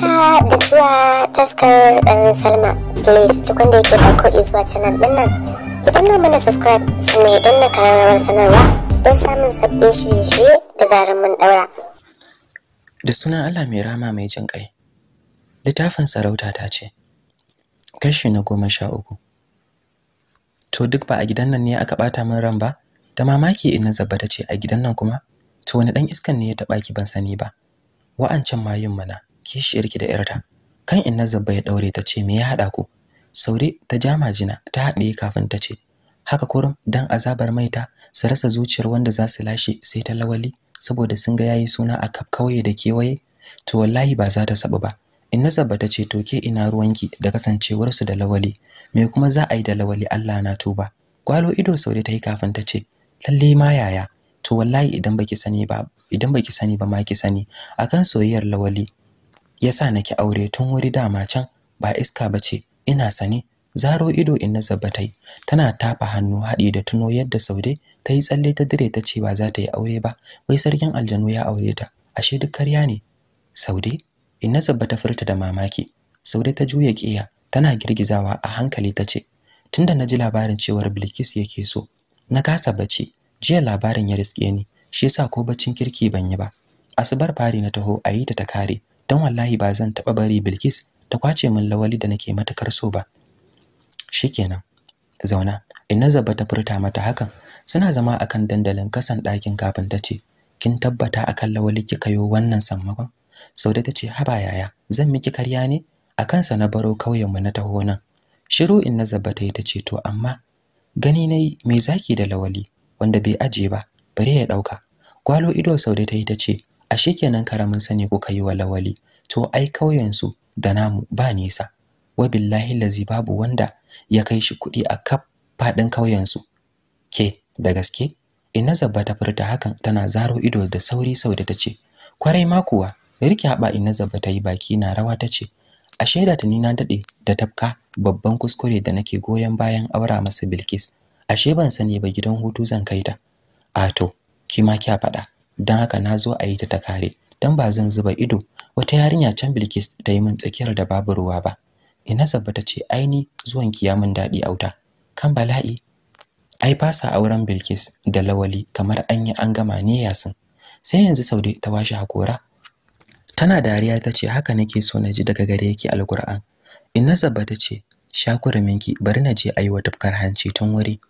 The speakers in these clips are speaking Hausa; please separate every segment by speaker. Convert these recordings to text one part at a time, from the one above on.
Speaker 1: haka da zuwa taskar ɗan salma please duk wanda yake farko izuwa canal ɗin nan ki danna mana subscribe sannan don na kararrawar sanarwa don samun sabbin shirye-shirye da zarar mun ɗaura da sunan allah mai rama mai jin ƙai littafin sarauta ta ce kashi na goma sha uku to duk ba a gidan nan ne aka ɓata min ran ba da mamaki ina zaba ta ce a gidan nan kuma to wani ɗan iskan ne ya taɓa ki ban sani ba wa'ancan mayun mana yarki da yarta kan inna zabba ya daure ta ce me ya hada ku saure ta jama jina ta haɗe kafin ta ce haka kurum dan azabar maita su rasa zuciyar wanda za su lashe sai ta lawali saboda sun ga yayi suna a kaf kauye da kewaye to wallahi ba za ta sabu ba inna zabba ta ce toke ina ruwanki da kasancewar su da lawali me kuma za a yi da lawali Allah na tuba gwalo ido saure ta yi kafin ta ce lalle ma yaya to wallahi idan baki sani ba idan baki sani ba ma ki sani akan soyayyar lawali yasa nake aure tun wuri dama can ba iska ba ce. ina sane zaro ido in na zabbatai tana tafa hannu haɗi da tuno yadda saude ta yi tsalle ta dire ta ce ba za ta yi aure ba wai sarkin aljanu ya aure ta ashe duk karya ne saude in na zabbata furta da mamaki saude ta juya ƙiya tana girgizawa a hankali ta ce tunda na ji labarin cewar bilkis yake so na kasa bacci jiya labarin ya riske ni shi yasa ko baccin kirki ban yi ba asubar fari na taho a yi ta ta kare dan wallahi ba zan taɓa bari Bilkis ta kwace min lawali da nake matakar so ba. Shikenan. Zauna, Inna zaba ta furta mata hakan. Suna zama akan dandalin kasan ɗakin kafin ta ce, "Kin tabbata akan lawali kika yo wannan sammakon?" Saude ta ce, "Haba yaya, zan miki karya ne? akan sa na baro kauyenmu na taho nan." Shiru Inna zaba ta yi ta ce, "To amma gani nayi mai zaki da lawali wanda bai aje ba, bare ya dauka." Gwalo ido Saude ta yi ta ce, A shikenan karamin sani kuka yi wa lawali to ai kauyensu da namu ba nisa wabillahi lazi babu wanda ya kai shi kuɗi a kaf faɗin kauyensu ke da gaske ina zabba ta furta hakan tana zaro ido da sauri sau da tace kwarai ma kuwa rike haɓa ina zabba ta yi baki na rawa tace a shaida ta nina na daɗe da tafka babban kuskure da nake goyon bayan aura masa Bilkis ashe ban sani ba gidan hutu zan kai ta a to kima kya faɗa don haka na zo a yi ta ta kare don ba zan zuba ido wata yarinya can Bilkis ta yi min tsakiyar da babu ruwa ba ina zabba ta ce aini zuwan ki ya min daɗi auta kan bala'i ai ba sa auren Bilkis da Lawali kamar an yi an gama ne yasin sai yanzu Saude ta washe hakora tana dariya ta ce haka nake so na ji daga gare ki alkur'an ina zabba ta ce shakura minki bari na je ayi wata hanci tun wuri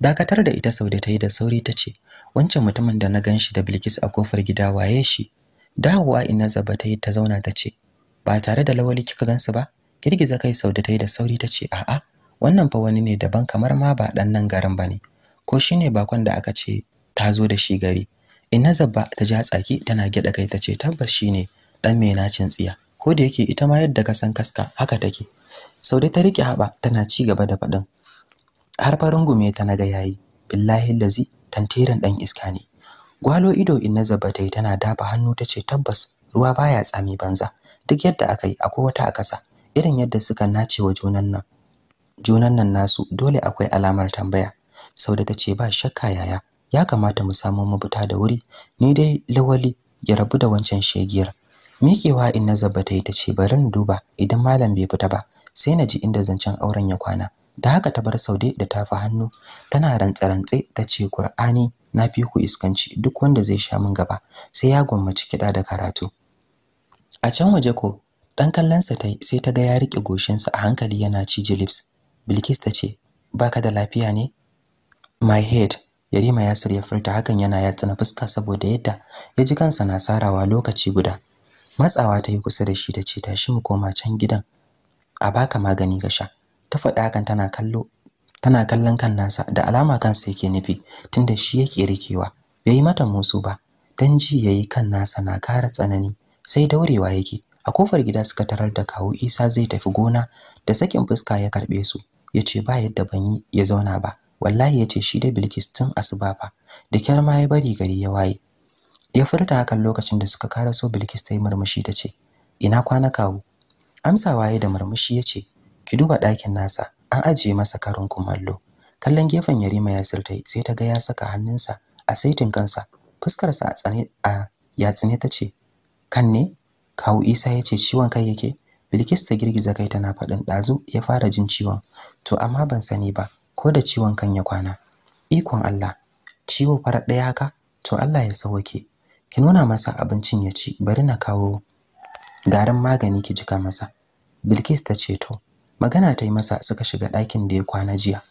Speaker 1: dakatar da ita Saude ta yi da sauri ta ce wancan mutumin da na gan shi da Bilkis a kofar gida waye shi dawowa ina zaba ta yi ta zauna ta ce ba tare da lawali kika gansu ba girgiza kai sau da ta yi da sauri ta ce a'a wannan fa wani ne daban kamar ma ba dan nan garin bane ko shine bakon da aka ce ta zo da shi gari ina zaba ta ja tsaki tana gida kai ta ce tabbas shine dan mai nacin tsiya ko da yake ita ma yadda ka san kaska haka take Saude ta rike haba tana ci gaba da faɗin har farin gume ta naga yayi billahi lazi tantiran dan iska ne Gwalo ido Inna zaba ta tana dafa hannu tace tabbas ruwa baya tsami banza. Duk yadda aka yi akwai wata a ƙasa. Irin yadda suka nace wa junan nan. Junan nan nasu dole akwai alamar tambaya. Sauda ta ce ba shakka yaya ya kamata mu samu mabuta da wuri. Ni dai lawali ya rabu da wancan shegiyar. Miƙewa Inna zaba ta yi ta ce bari na duba idan malam bai fita ba sai na ji inda zancen auren ya kwana. Da haka ta bar Saude da tafa hannu tana rantse-rantse ta ce Kur'ani na fi ku iskanci duk wanda zai sha min gaba sai ya gwammaci kiɗa da karatu a can waje ko dan kallonsa tai sai ta ga ya rike goshinsa a hankali yana ci lips bilkis ta ce baka da lafiya ne my head yarima ya sirya furta hakan yana ya na fuska saboda yadda ya ji kansa na sarawa lokaci guda matsawa ta yi kusa da shi ta ce tashi mu koma can gidan a baka magani ga sha ta faɗa hakan tana kallo tana kallon kan nasa da alama kansa yake nufi tunda shi yake rikewa bai yi mata musu ba dan ji yayi kan nasa na kara tsanani sai daurewa yake a kofar gida suka tarar da kawo Isa zai tafi gona da sakin fuska ya karbe su yace ba yadda ban yi ya zauna ba wallahi yace shi da Bilkis tun asuba fa da kyar ma ya bari gari ya waye ya furta hakan lokacin da suka kara so Bilkis ta yi murmushi ta ce ina kwana kawo amsawa ya da murmushi yace ki duba ɗakin nasa an ajiye masa karin kumallo kallon gefen yarima ya sirtai sai ta ga ya saka hannunsa a saitin kansa fuskarsa a tsane a yatsine ta ce kan ne kawu isa ya ce ciwon kai yake bilkis ta girgiza kai tana faɗin ɗazu ya fara jin ciwon to amma ban sani ba ko da ciwon kan ya kwana ikon allah ciwo farar ɗaya haka to allah ya sauke ki nuna masa abincin ya ci bari na kawo garin magani ki jika masa bilkis ta ce to magana ta yi masa suka shiga ɗakin da ya kwana jiya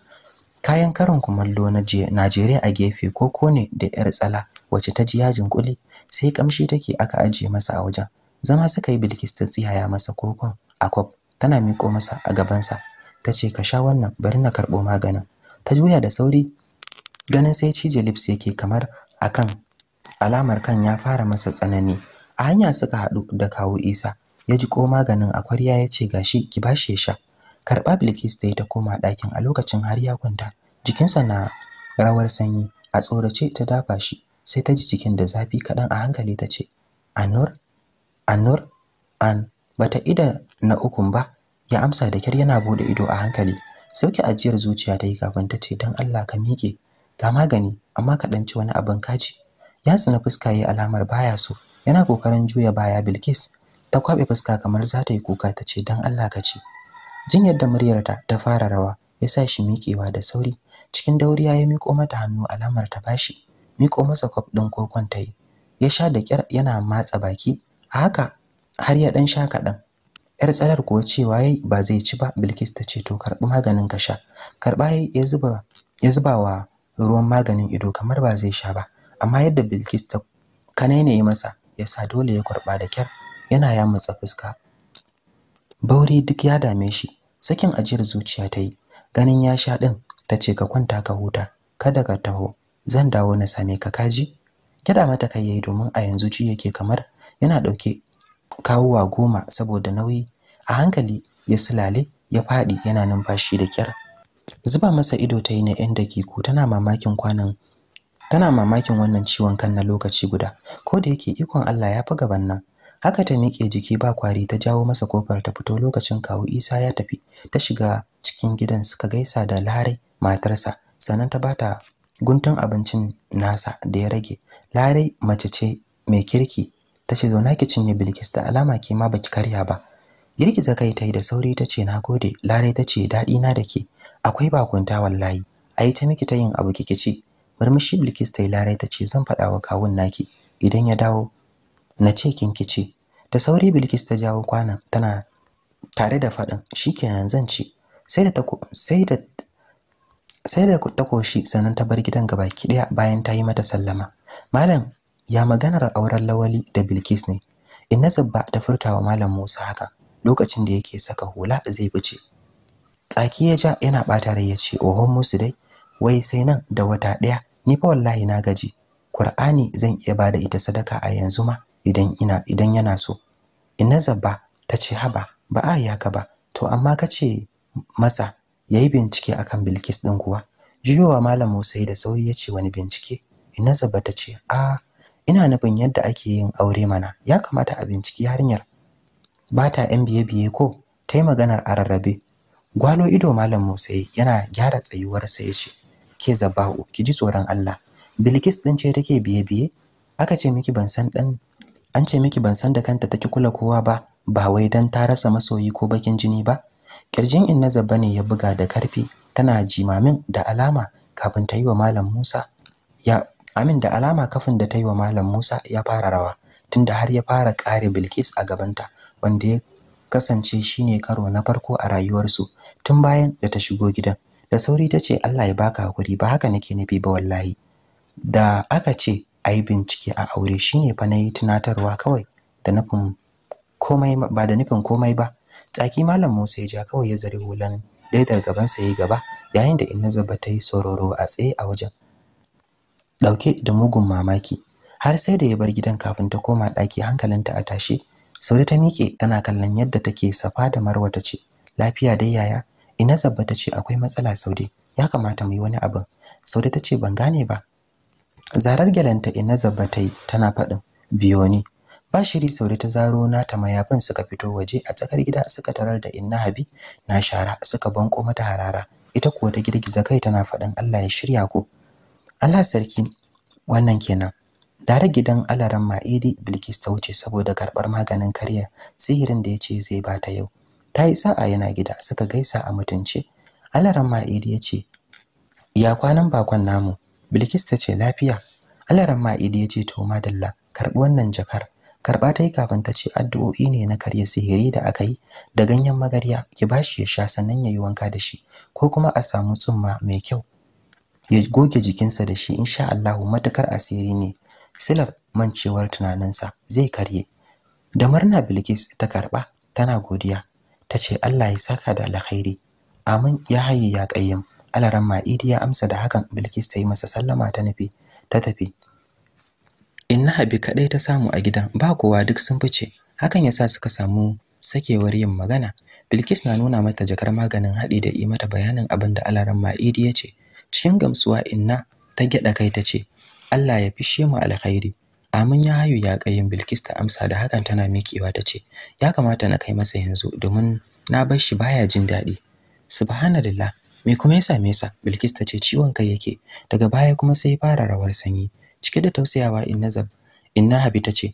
Speaker 1: kayan karin kumallo na Najeriya a gefe ko kone da yar tsala wacce ta ji yajin kuli sai kamshi take aka ajiye masa a wajen zama suka yi Bilkis ta tsiyaya masa kokon a kwaf tana miko masa a gabansa ta ce ka sha wannan bari na karɓo maganin ta juya da sauri ganin sai cije lips yake kamar akan alamar kan ya fara masa tsanani a hanya suka haɗu da kawo isa ya ji ko maganin a kwarya ya ce gashi ki bashi ya sha karɓa bilkis ta yi ta koma ɗakin a lokacin har ya kwanta jikinsa na rawar sanyi a tsorace ta dafa shi sai ta ji jikin da zafi kaɗan a hankali ta ce anur anur an bata ida na ukun ba ya amsa da kyar yana buɗe ido a hankali sauke ajiyar zuciya ta yi kafin ta ce don allah ka miƙe ga magani amma ka ɗanci wani abin kaji ya tsina fuska ya alamar baya so yana kokarin juya baya bilkis ta kwaɓe fuska kamar za ta yi kuka ta ce don allah ka ci jin yadda muryarta ta fara rawa ya sa shi miƙewa da sauri cikin dauriya ya miƙo mata hannu alamar ta bashi miƙo masa kwaf ɗin kokon ta yi ya sha da ƙyar yana matsa baki a haka har ya ɗan sha kaɗan yar tsalar kuwa cewa yai ba zai ci ba bilkis ta ce to karɓi maganin ka sha karɓa ya zuba ya zuba wa ruwan maganin ido kamar ba zai sha ba amma yadda bilkis ta yi masa ya sa dole ya karɓa da ƙyar. yana yamutsa fuska bauri duk ya dame shi sakin ajiyar zuciya ta yi ganin ya sha ɗin, ta ce ka kwanta ka huta kada ka taho zan dawo na same ka kaji Gyaɗa mata kai yayi domin a yanzu ji yake kamar yana ɗauke kawuwa goma saboda nauyi a hankali ya sulale ya faɗi, yana numfashi da kyar zuba masa ido ta yi na yan dakiku tana mamakin kwanan tana mamakin wannan ciwon kan na lokaci guda ko da yake ikon Allah ya fi gaban nan haka ta miƙe jiki ba kwari ta jawo masa kofar ta fito lokacin kawo isa ya tafi ta shiga cikin gidan suka gaisa da larai matarsa sannan ta bata guntun abincin nasa da ya rage larai mace ce mai kirki ta ce zauna ki cinye bilkis da alama ke ma baki karya ba girgiza kai ta yi da sauri ta ce gode. larai ta ce daɗi na da ke akwai bakunta wallahi a yi ta miki ta yin abu kikici ci murmushi bilkis ta yi larai ta ce zan faɗawa kawun naki idan ya dawo na ce kinkice da sauri Bilkis ta jawo kwana tana tare da faɗin shikenan zan ci sai da ta sai da sannan ta bar gidan gabaki daya bayan ta yi mata sallama malam ya maganar auren lawali da Bilkis ne in nazabba ta furta wa malam Musa haka lokacin da yake saka hula zai fice tsaki ya ja yana bata rai ya ce ohon musu dai wai sai nan da wata daya ni fa wallahi na gaji Qur'ani zan iya bada ita sadaka a yanzu ma idan ina idan yana so ina zaba, ta ce haba ba a yaka ba to amma kace masa yayi bincike akan Bilkis din kuwa jiyowa malam Musa da sauri ya ce wani bincike ina zaba, ta ce a ina nufin yadda ake yin aure mana ya kamata a binciki yarinyar ba ta yan biye biye ko ta yi maganar a rarrabe gwalo ido malam Musa yana gyara tsayuwarsa ya ce ke zabahu ki ji tsoron Allah Bilkis din ce take biye biye aka ce miki ban san dan an ce miki ban san da kanta take kula kowa ba ba wai dan ta rasa masoyi ko bakin jini ba kirjin in zabba ne ya buga da karfi tana jimamin da alama kafin ta yi wa malam Musa ya amin da alama kafin da ta yi wa malam Musa ya fara rawa tunda har ya fara kare Bilkis a gabanta wanda ya kasance shine karo na farko a rayuwarsu tun bayan da ta shigo gidan da sauri ta ce Allah ya baka hakuri ba haka nake nufi ba wallahi da aka ce a bincike a aure shine fa na tunatarwa kawai da nufin komai ba da nufin komai ba tsaki malam Musa ya ja kawai ya zare hulan ledar gabansa ya gaba yayin da inna zaba ta yi sororo a tsaye a wajen dauke da mugun mamaki har sai da ya bar gidan kafin ta koma ɗaki hankalinta a tashe Saude ta miƙe tana kallon yadda take safa da Marwa ta ce, "Lafiya dai yaya?" Ina Zabbata ce, "Akwai matsala Saude, ya kamata mu yi wani abin." Saude ta ce, "Ban gane ba, zarar gyalanta ina zabba ta tana faɗin biyo ni ba shiri sauri ta zaro ta mayafin suka fito waje a tsakar gida suka tarar da inna habi na shara suka banko mata harara ita kuwa ta girgiza kai tana faɗin Allah ya shirya ku Allah sarki wannan kenan dare gidan alaran ma'idi bilkis ta wuce saboda karɓar maganin kariya, sihirin da ya ce zai bata yau ta yi sa'a yana gida suka gaisa a mutunci alaran ma'idi yace ce ya kwanan bakon namu Bilkis ta ce lafiya. Alaran Ma'idi ya ce to madalla karɓi wannan jakar. Karɓa ta yi kafin ta ce addu'o'i ne na karya sihiri da aka yi da ganyen magarya ki ba shi ya sha sannan ya yi wanka da shi ko kuma a samu tsumma mai kyau ya goge jikinsa da shi insha Allahu matakar asiri ne silar mancewar tunaninsa zai karye da murna Bilkis ta karɓa tana godiya Ta ce Allah ya saka da alkhairi amin ya haye ya qayyim alaramma idi ya amsa da hakan bilkis ta yi masa sallama ta nufi ta tafi inna habi kadai ta samu a gidan ba kowa duk sun fice hakan yasa suka samu sakewar yin magana bilkis na nuna mata jakar maganin haɗi da yi mata bayanin abin da alaramma idi ya ce cikin gamsuwa inna ta gyada kai ta ce Allah ya fishe mu alkhairi Amin ya hayu ya kayin Bilkis ta amsa da hakan tana mikewa ta ce, "Ya kamata na kai masa yanzu domin na bar shi baya jin daɗi." Subhanallah, me kuma ya same sa bilkis ta ce ciwon kai yake daga baya kuma sai fara rawar sanyi cike da tausayawa inna zab inna habi ta ce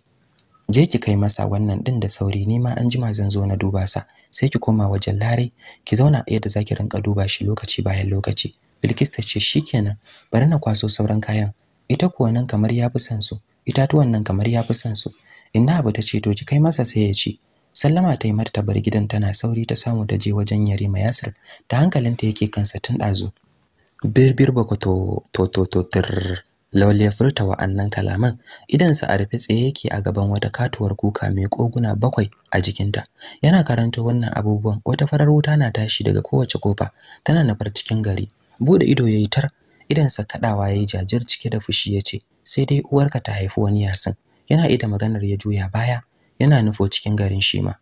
Speaker 1: je ki kai masa wannan din da sauri ni ma an jima zan zo na duba sa sai ki koma wajen lare ki zauna a yadda zaki rinka duba shi lokaci bayan lokaci bilkis ta ce shikenan bari na kwaso sauran kayan ita kuwa nan kamar ya fi son su itatuwan nan kamar yafi san su inna abu ta ce to ki kai masa sai ya ci sallama ta yi mata bar gidan tana sauri ta samu ta je wajen yarima yasir ta hankalinta yake kansa tun ɗazu birbir bako to to to to laule furta wa'annan kalaman sa a rufe tsaye yake a gaban wata katuwar kuka mai koguna bakwai a jikinta yana karanta wannan abubuwan wata farar wuta na tashi daga kowace kofa tana nafar cikin gari bude ido yayi tar idan sa kadawa yayi jajir cike da fushi yace sai dai uwarka ta haifi wani yasin yana ida maganar ya juya baya yana nufo cikin garin shima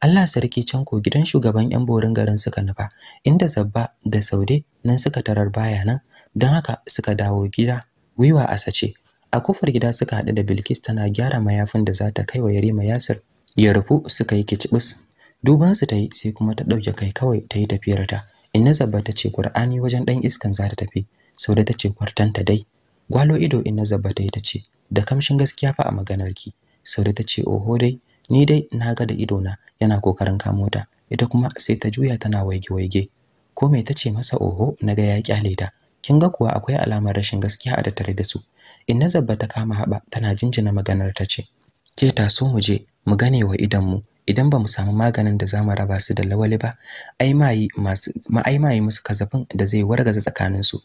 Speaker 1: Allah sarki can ko gidan shugaban yan borin garin suka nufa inda Zabba da Saude nan suka tarar baya nan don haka suka dawo gida gwiwa a sace a kofar gida suka haɗu da Bilkis tana gyara mayafin da za ta kai wa Yarima Yasir ya rufu suka yi kicibis duban su ta yi sai kuma ta ɗauke kai kawai ta yi tafiyar ta inna Zabba ta ce Qur'ani wajen ɗan iskan za ta tafi Saude ta ce kwartanta dai gwalo ido inna Zabba ta yi ta ce da kamshin gaskiya fa a maganar ki Saude ta ce oho dai ni dai na ga da ido na yana kokarin kamo ta ita kuma sai ta juya tana waige waige ko me ta ce masa oho naga ya kyale ta kin ga kuwa akwai alamar rashin gaskiya a tattare da su inna zabba ta kama haba tana jinjina maganar ta ce ke taso mu je mu gane wa idan mu idan ba mu samu maganin da za mu raba su da lawali ba ai mayi masu musu kazafin da zai wargaza su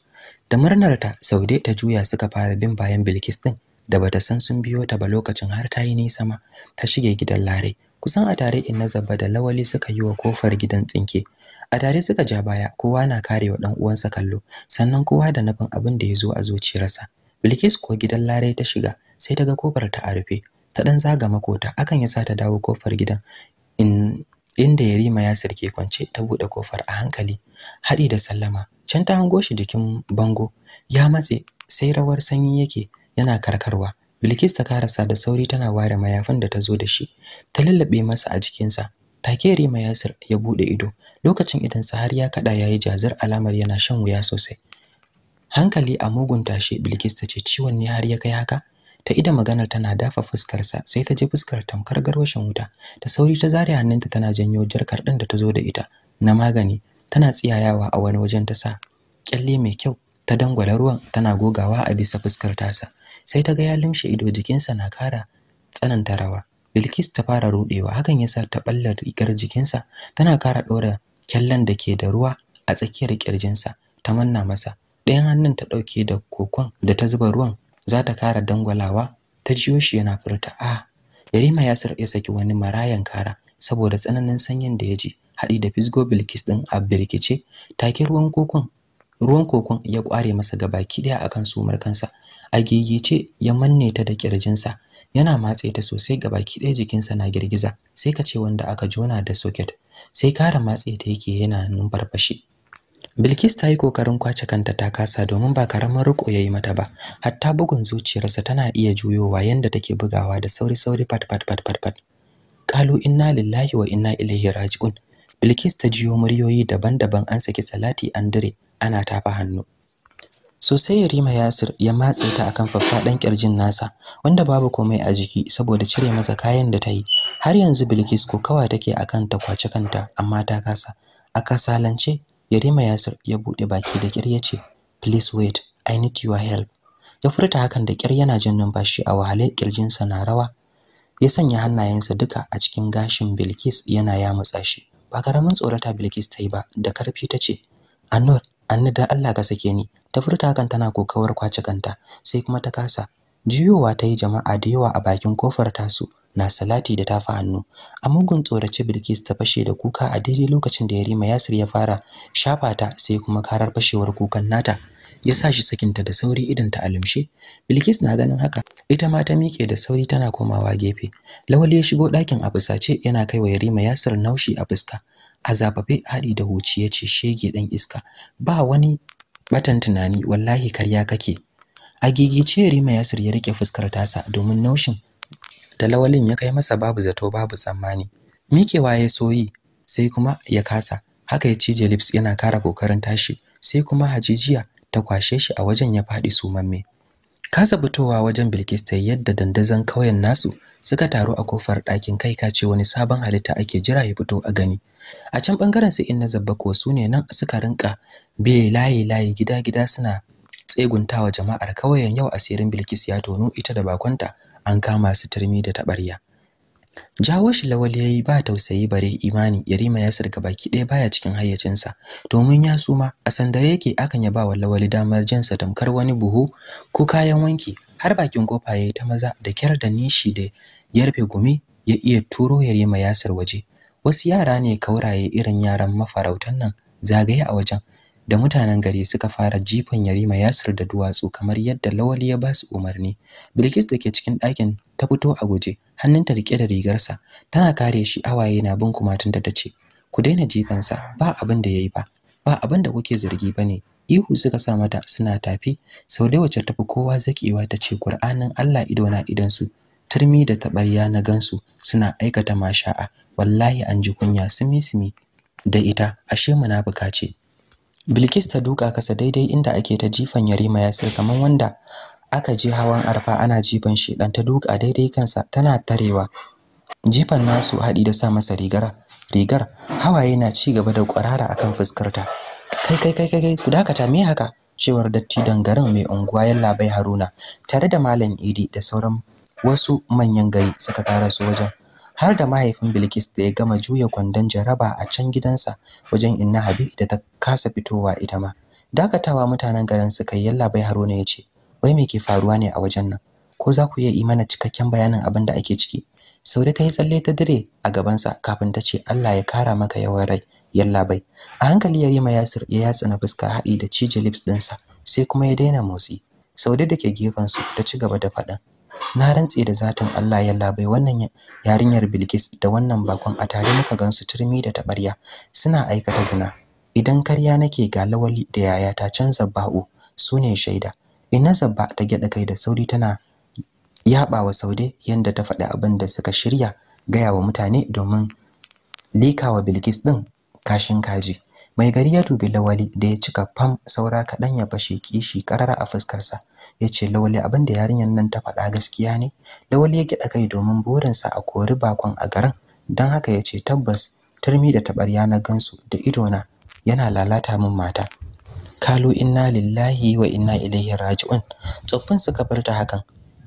Speaker 1: da murnar ta saude ta juya suka fara bin bayan bilkis din da bata san sun biyo ta ba lokacin har ta yi nisa ma ta shige gidan lare kusan a tare inna zabba da lawali suka yi wa kofar gidan tsinke a tare suka ja baya kowa na karewa dan uwansa kallo sannan kowa da nufin abin da ya zo a zuciyarsa bilkis ko gidan lare ta shiga sai ta ga kofar ta a rufe ta dan zaga makota akan yasa ta dawo kofar gidan in inda Yarima ya sirke kwance ta bude kofar a hankali haɗi da sallama can ta hango shi jikin bango ya matse sai rawar sanyi yake yana karkarwa Bilkis ta karasa da sauri tana ware mayafin da ta zo da shi ta lallabe masa a jikinsa take Rima Yasir ya bude ido lokacin idan sa har ya kada yi jazir alamar yana shan wuya sosai hankali a mugun tashe Bilkis ta ce ciwon ne har ya kai haka ta ida maganar tana dafa fuskarsa sai ta je fuskar tamkar garwashin wuta ta sauri ta zare hannunta tana janyo jarkar din da ta zo da ita na magani tana tsiyayawa a wani wajen ta sa ƙyalle mai kyau ta dangwala ruwan tana gogawa a bisa fuskar tasa sai ta ga ya limshe ido jikinsa na kara tsananta rawa Bilkis ta fara rudewa hakan yasa ta ballar rigar jikinsa tana kara dora kyallan da ke da ruwa a tsakiyar kirjinsa ta manna masa ɗayan hannun ta ɗauke da kokon da ta zuba ruwan za ta kara dangwalawa ta jiyo shi yana furta a Yarima ya ya saki wani marayan kara saboda tsananin sanyin da ya ji haɗi da fisgo Bilkis ɗin a birkice take ruwan kokon ruwan kokon ya kware masa gabaki ɗaya akan sumar kansa a gigice ya manne ta da kirjinsa yana matse ta sosai ga baki ɗaya jikinsa na girgiza sai ka ce wanda aka jona da socket sai kara matse ta yake yana numfarfashi Bilkis ta yi kokarin kwace kanta ta kasa domin ba karamin riko yi mata ba hatta bugun zuciyarsa tana iya juyowa yanda take bugawa da sauri sauri pat pat pat pat pat kalu inna lillahi wa inna ilaihi raji'un Bilkis ta jiyo muryoyi daban-daban an saki salati an dire ana tafa hannu sosai Yarima Yasir ya matse ta akan faffaɗan kirjin nasa wanda babu komai a jiki saboda cire masa kayan da ta yi har yanzu Bilkis kokawa take akan ta kwace kanta amma ta kasa a kasalance Yarima Yasir ya bude baki da kyar ce, please wait i need your help ya furta hakan da kyar yana jin numfashi a wahale kirjinsa na rawa ya sanya hannayensa duka a cikin gashin Bilkis yana mutsa shi ba karamin tsorata Bilkis ta yi ba da karfi ta ce Anur Anni da Allah ka sake ni. Ta furta hakan tana kokawar kwace kanta, sai kuma ta kasa. Juyowa ta yi jama'a da yawa a bakin kofar tasu na salati da tafi hannu. A mugun tsorace Bilkis ta fashe da kuka a daidai lokacin da Yarima Yasir ya fara shafa ta sai kuma karar fashewar kukan nata. Ya sa shi sakinta da sauri idan ta alimshe. Bilkis na ganin haka, ita ma ta miƙe da sauri tana komawa gefe. Lawali ya shigo ɗakin a fusace yana kai wa Yarima Yasir naushi a fuska. a hadi haɗi da huci ya ce shege dan iska ba wani batan tunani wallahi karya kake a gigice rima yasir ya rike fuskar tasa domin naushin da lawalin ya kai masa babu zato babu tsammani mikewa ya soyi sai kuma ya kasa haka ya cije lips yana kara kokarin tashi sai kuma hajijiya ta kwashe shi a wajen ya faɗi sumamme kasa fitowa wajen Bilkis ta yadda dandazon kauyen nasu suka taru a kofar ɗakin kai kace wani sabon halitta ake jira ya fito a gani a can bangaren su inna zabba kuwa su ne nan suka rinka biye layi layi gida gida suna tseguntawa jama'ar kauyen yau asirin Bilkis ya tono ita da bakonta an kama su turmi da taɓarya. jawo shi lawal yayi ba tausayi bare imani yarima ya sarka baki ɗaya baya cikin hayyacinsa domin ya suma a sandare yake akan ya ba wa lawali damar jinsa tamkar wani buhu ko kayan wanki har bakin kofa yayi ta maza da kyar da nishi da yarfe gumi ya iya turo yarima yasir waje wasu yara ne kauraye irin yaran mafarautan nan zagaye a wajen da mutanen gari suka fara jifan Yarima Yasir da duwatsu kamar yadda Lawali ya ba su umarni. Bilkis da ke cikin ɗakin ta fito a guje, hannunta riƙe da rigarsa, tana kare shi awaye na bin kumatunta ta ce, "Ku daina jifansa, ba abin da ya yi ba, ba abin da kuke zargi ba ne." Ihu suka sa mata suna tafi, sau da wacce tafi kowa zaƙewa ta ce, "Kur'anin Allah ido na su. turmi da taɓarya na gansu suna aikata masha'a, wallahi an ji kunya simi-simi da ita, ashe munafuka ce." Bilkis ta duka kasa daidai inda ake ta jifan Yarima ya sai kamar wanda aka je hawan arfa ana jifan shi dan ta duka daidai kansa tana tarewa. Jifan nasu haɗi da sa masa rigar rigar hawaye na ci gaba da kwarara akan fuskarta. Kai kai kai kai ku dakata me haka? cewar dattidan garin mai unguwa Yallabai Haruna tare da Malam Idi da sauran wasu manyan gari suka karaso wajen. har da mahaifin Bilkis da ya gama juya kwandon jaraba a can gidansa wajen Inna Habi da ta kasa fitowa ita ma. Dakatawa mutanen garin suka yi yallabai Haruna ya ce, "Wai me ke faruwa ne a wajen nan? Ko za ku iya yi mana cikakken bayanin abin da ake ciki?" Saude ta yi tsalle ta dire a gabansa kafin ta ce, "Allah ya kara maka yawan rai, yallabai." A hankali Yarima Yasir ya yatsa na fuska haɗi da cije lips ɗinsa, sai kuma ya daina motsi. Saude da ke gefensu ta ci gaba da faɗin. na rantse da zatin Allah ya labai wannan yarinyar Bilkis da wannan bakon a tare muka gansu turmi da tabarya suna aikata zina idan karya nake ga lawali da yaya ta can zabba'u sune shaida ina zabba ta gyada kai da sauri tana yabawa saude yanda ta faɗi abin da suka shirya gaya wa mutane domin likawa Bilkis din kashin kaji mai gari ya dubi lawali da ya cika fam saura kaɗan ya fashe kishi karara a fuskarsa ya ce lawali abin da yarinyar nan ta faɗa gaskiya ne lawali ya gyaɗa kai domin burinsa a kori bakon a garin dan haka ya ce tabbas turmi da taɓarya na gansu da idona yana lalata min mata kalu inna lillahi wa inna ilaihi raji'un tsoffin suka furta hakan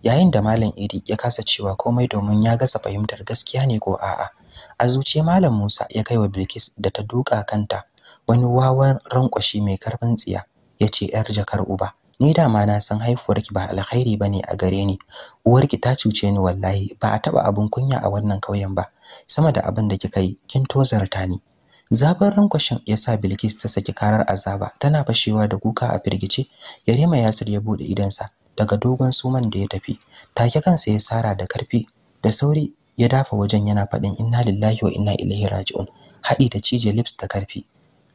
Speaker 1: yayin da malam Idi ya kasa cewa komai domin ya gasa fahimtar gaskiya ne ko a'a a zuciyar malam Musa ya kaiwa Bilkis da ta duka kanta wani wawan rankwashi mai karfin tsiya ya ce ‘yar jakar uba ni dama na san haifuwarki ba alkhairi ba ne a gare ni uwarki ta cuce ni wallahi ba a taɓa abin kunya a wannan kauyen ba sama da abin da kika yi kin tozarta ni Zaben rankwashin ya sa Bilkis ta saki karar azaba tana fashewa da kuka a firgice Yarima Yasir ya buɗe idansa daga dogon suman da ya tafi take kansa ya sara da karfi da sauri ya dafa wajen yana faɗin inna lillahi wa inna ilaihi raji'un haɗi da cije lips da karfi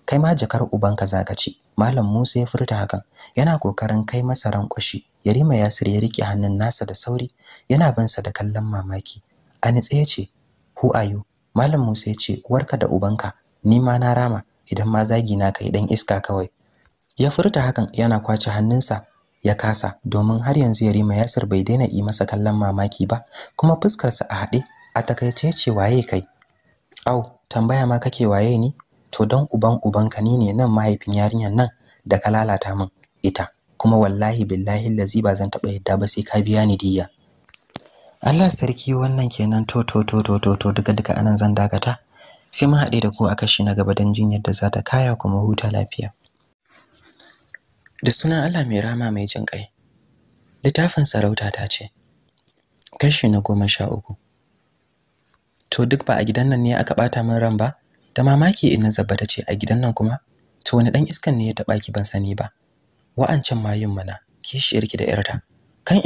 Speaker 1: kai ma jakar ubanka zaka ci malam Musa ya furta hakan yana kokarin kai masa rankwashi Yarima Yasir ya rike hannun nasa da sauri yana bin sa da kallon mamaki a nitse ya ce who are you malam Musa ya ce uwarka da ubanka ni ma na rama idan ma zagi na kai dan iska kawai ya furta hakan yana kwace hannunsa ya kasa domin har yanzu Yarima Yasir bai daina yi masa kallon mamaki ba kuma fuskarsa a haɗe a takaice ce waye kai au tambaya ma kake waye ni to don uban ubanka ni ne nan mahaifin yarinyar nan da ka lalata min ita kuma wallahi billahi lazi ba zan taɓa yadda ba sai ka biya ni diyya. Allah sarki wannan kenan to to to to to duka duka anan zan dakata sai mun haɗe da ku a kashi na gaba dan jinyar da za ta kaya kuma huta lafiya da sunan Allah mai rama mai jin ƙai littafin sarauta ta ce kashi na goma sha uku to duk ba a gidan nan ne aka ɓata min ran ba da mamaki inna zabba ta ce a gidan nan kuma to wani dan iskan ne ya taba ki ban sani ba wa'ancan mayun mana kishiyarki da yarta kan